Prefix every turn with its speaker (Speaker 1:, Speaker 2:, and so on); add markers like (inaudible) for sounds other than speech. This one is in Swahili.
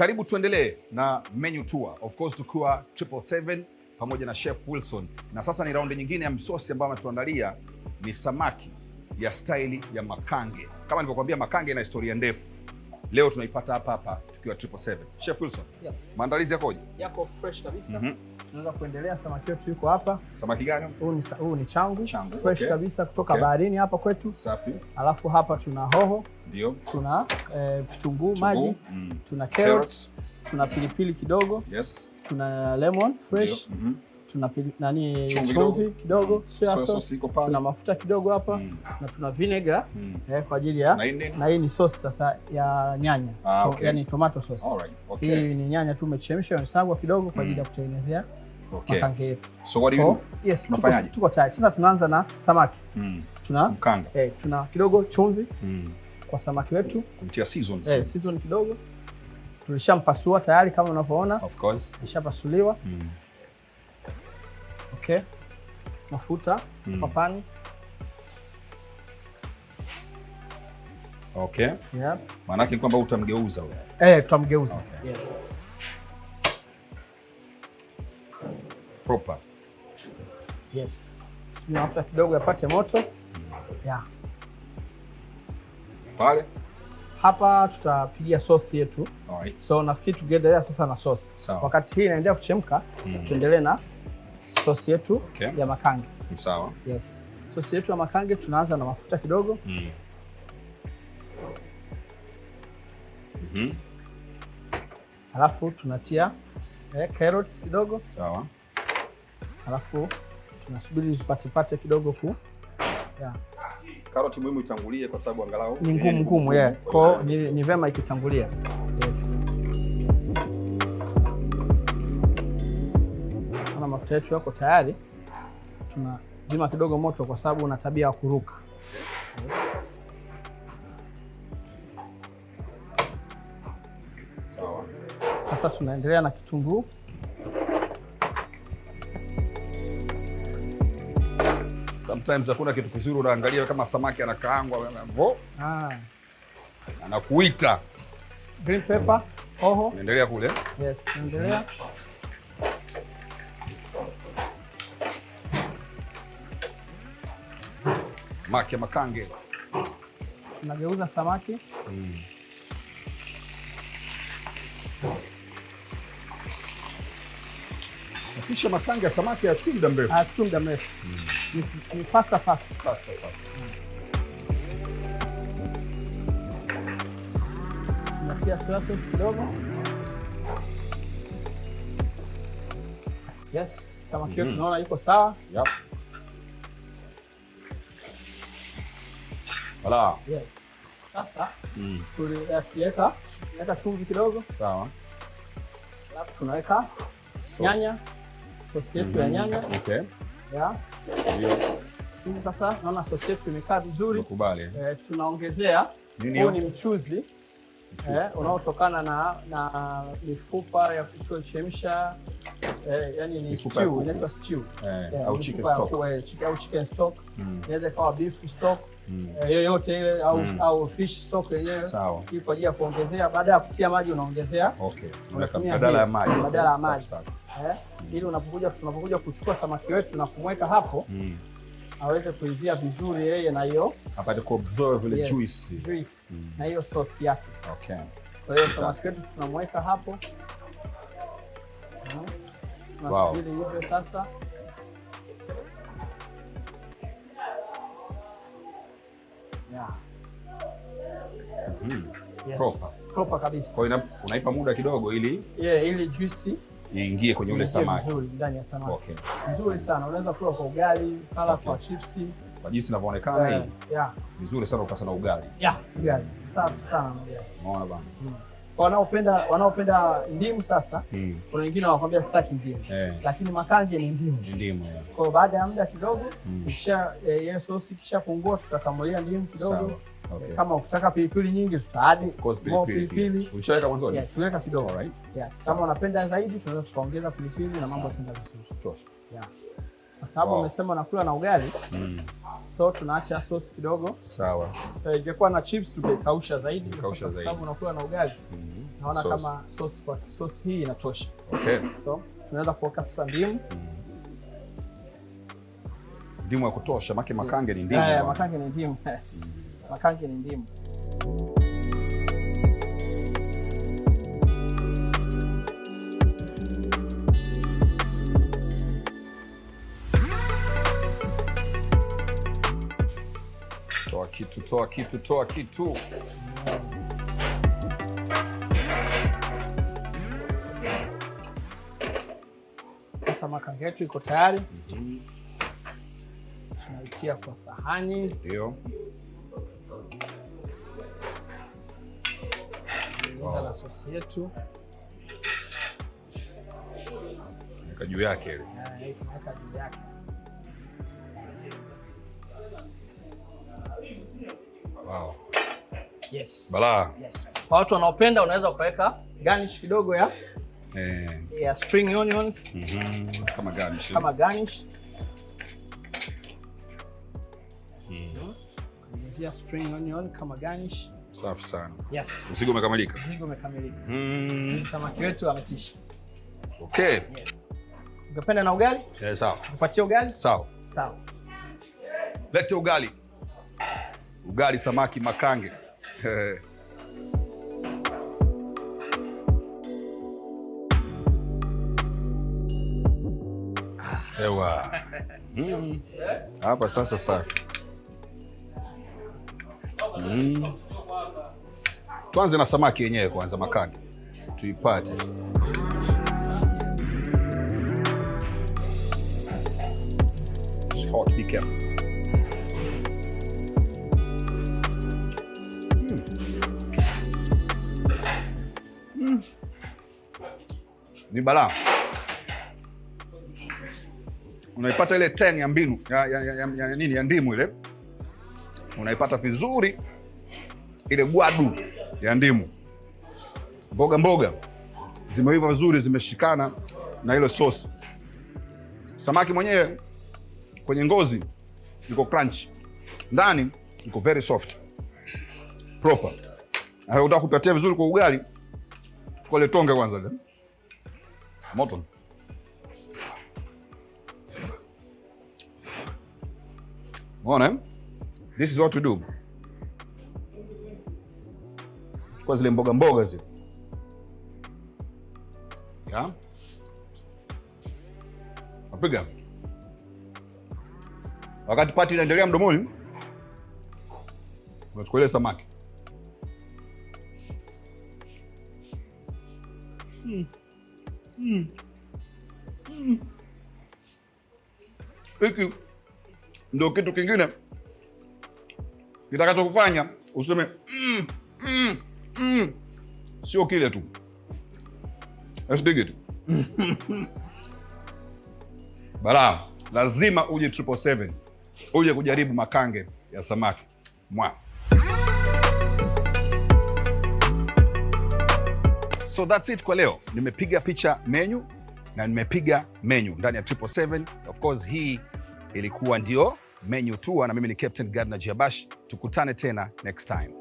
Speaker 1: Karibu tuendelee na menu tour, of course tukiwa 777 pamoja na Chef Wilson, na sasa ni raundi nyingine ya msosi ambayo ametuandalia ni samaki ya staili ya makange. Kama nilivyokuambia, makange ina historia ndefu leo tunaipata hapa hapa tukiwa triple Chef Wilson, yep. maandalizi yakoje?
Speaker 2: Yako fresh kabisa. Mm -hmm. Tunaweza kuendelea, samaki wetu yuko hapa. Samaki gani? Huu ni huu ni changu, changu. Fresh okay. kabisa kutoka okay. baharini hapa kwetu. Safi. Alafu hapa tuna hoho. Ndio. Tuna vitunguu eh, maji. Mm. Tuna carrots. Tuna pilipili kidogo. Yes. Tuna lemon fresh. Mm -hmm tuna nani chumvi kidogo, mm. sio soya sauce tuna mafuta kidogo hapa mm. na tuna vinegar mm. eh, kwa ajili ya na hii ni sauce sasa ya nyanya ah, okay. yani tomato sauce right. okay. hii ni nyanya tu umechemsha umesagwa kidogo kwa ajili ya mm. kutengenezea okay. makange yetu.
Speaker 1: So what do you oh, do?
Speaker 2: Yes, tunafanyaje? Tuko tayari sasa, tunaanza na samaki mm. tuna mkanga eh, tuna kidogo chumvi mm. kwa samaki wetu
Speaker 1: kumtia season
Speaker 2: eh, season kidogo tulishampasua tayari kama unavyoona, of course ishapasuliwa mm yake, mafuta mm. mapani. Okay. Yeah.
Speaker 1: Maanake kwamba utamgeuza wewe.
Speaker 2: Eh, tutamgeuza. Okay. Yes. Proper. Yes. Mafuta kidogo yapate moto. Yeah. Pale. Hapa tutapigia sosi yetu. Alright. So nafikiri tukiendelea sasa na sosi. Wakati hii inaendelea kuchemka, mm. -hmm. tuendelee na sosi yetu okay, ya makange. Sawa. Yes. Sosi yetu ya makange tunaanza na mafuta kidogo mm. Mm-hmm. Halafu tunatia eh, carrots kidogo. Sawa. alafu tunasubiri zipatepate kidogo ku yeah.
Speaker 1: Karoti muhimu itangulie kwa sababu angalau
Speaker 2: ni ngumu ngumu, yeah. Kwa ni, ni vema ikitangulia. Yes. mafuta yetu yako tayari, tunazima kidogo moto kwa sababu una tabia ya kuruka. Sasa tunaendelea na kitunguu.
Speaker 1: Sometimes hakuna kitu kizuri, unaangalia kama samaki anakaangwa ah, anakuita
Speaker 2: green pepper, hoho. Endelea kule. Yes, endelea.
Speaker 1: Maki ya makange
Speaker 2: nageuza samaki mm.
Speaker 1: Kisha makange ya samaki hayachukui muda mrefu,
Speaker 2: hayachukui muda mrefu mm. Ni pasta pasta
Speaker 1: pasta pasta mm.
Speaker 2: Natia soya sauce kidogo. Yes, samaki yetu mm. Mm-hmm. Naona yuko sawa.
Speaker 1: Yep. Sawa.
Speaker 2: Yes. Sasa mm. tuliweka tunaweka chumvi kidogo. Sawa. Alafu tunaweka nyanya. Sosi yetu ya nyanya. Okay. Yeah. Hizi sasa naona sosi yetu imekaa vizuri. Nakubali. Eh, tunaongezea huu ni mchuzi eh, unaotokana na na mifupa ya kuchemsha E, yani ni stew, inaitwa yoyote ile au mm. au fish stock yenyewe ili kwa ajili ya kuongezea. Baada ya kutia maji unaongezea,
Speaker 1: okay, badala ya maji,
Speaker 2: maji eh, mm. ili unapokuja tunapokuja kuchukua samaki wetu na kumweka hapo mm aweze kuivia vizuri yeye na hiyo
Speaker 1: apate kuabsorb ile juice
Speaker 2: juice mm. na hiyo sauce yake. Okay, kwa hiyo samaki wetu tunamweka hapo tunasubiri wow. sasa yeah.
Speaker 1: mm. yes. Proper.
Speaker 2: Proper kabisa.
Speaker 1: Kwa unaipa muda kidogo ili
Speaker 2: yeah, ili juisi
Speaker 1: iingie kwenye ule samaki
Speaker 2: ndani ya samaki. Okay. Nzuri sana, unaweza kula kwa ugali, pala okay. kwa chipsi
Speaker 1: kwa jinsi inavyoonekana hii. Yeah. Nzuri sana ukata na ugali.
Speaker 2: Yeah, ugali. Safi sana.
Speaker 1: bana. Mm
Speaker 2: wanaopenda wanaopenda ndimu sasa, mm. Kuna wengine wanakwambia sitaki ndimu yeah. lakini makanje ni ndimu ndimu. Eh. Kwa baada ya muda kidogo mm. kisha eh, sosi kisha pungua, tutakamulia ndimu kidogo okay. Kama ukitaka pilipili nyingi tutaadi
Speaker 1: pilipili, ushaweka mwanzo yeah, tuweka kidogo right.
Speaker 2: Yes, kama unapenda zaidi tunaweza tukaongeza pilipili na mambo yataenda vizuri tosha, yeah kwa sababu umesema unakula na ugali mm. So tunaacha sauce kidogo. Sawa. Eh, ingekuwa na chips tungekausha zaidi
Speaker 1: kwa sababu
Speaker 2: unakula na ugali. Mm. Naona kama sauce kwa sauce hii inatosha. Okay. So tunaweza kuoka sasa ndimu. Mm-hmm.
Speaker 1: Ndimu ya kutosha, make makange ni ndimu.
Speaker 2: makange ni ndimu. Eh, makange ni ndimu. (laughs) Mm.
Speaker 1: kitu, toa kitu, toa kitu.
Speaker 2: Sasa makanga yetu iko tayari, tunaitia kwa sahani, ndio eza na sosi yetu juu yake ile, tunaweka eh, juu yake Wow. Yes. Balaa. Yes. Kwa watu wanaopenda unaweza ukaweka garnish kidogo ya eh, ya spring onions.
Speaker 1: Mm-hmm. Kama garnish.
Speaker 2: Kama garnish. Mm. Ya spring onion kama garnish.
Speaker 1: Safi sana. Yes. Mzigo umekamilika.
Speaker 2: Mzigo umekamilika.
Speaker 1: Mm.
Speaker 2: Samaki wetu ametisha. Okay. Yes. Ungependa na ugali? Eh, sawa. Tukupatie ugali? Sawa. Sawa.
Speaker 1: Lete ugali ugali, samaki, makange (laughs) Ewa. Mm. Hapa sasa safi. Mm. Tuanze na samaki yenyewe kwanza, makange tuipate. hot, be careful. ni balaa. Unaipata ile ten ya mbinu ya, ya, ya, ya, ya, nini ya ndimu ile unaipata vizuri, ile gwadu ya ndimu. Mboga mboga zimeiva vizuri, zimeshikana na ile sosi. Samaki mwenyewe kwenye ngozi iko crunch, ndani iko very soft proper. Hayo kupatia vizuri kwa ugali, tukole tonge kwanza. Moto. Unaona? Eh? This is what we do. Chukua zile mboga mboga zile. Yeah. Napiga. Wakati pati inaendelea mdomoni, unachukua ile samaki. Hmm. Mm. Hiki mm. Ndio kitu kingine kitakacho kufanya useme mm, mm, mm. Sio kile tu (laughs) bala, lazima uje 777 uje kujaribu makange ya samaki mwa So that's it kwa leo, nimepiga picha menu na nimepiga menu ndani ya 777. Of course hii ilikuwa ndio menu tour, na mimi ni Captain Gardner Jiabash. Tukutane tena next time.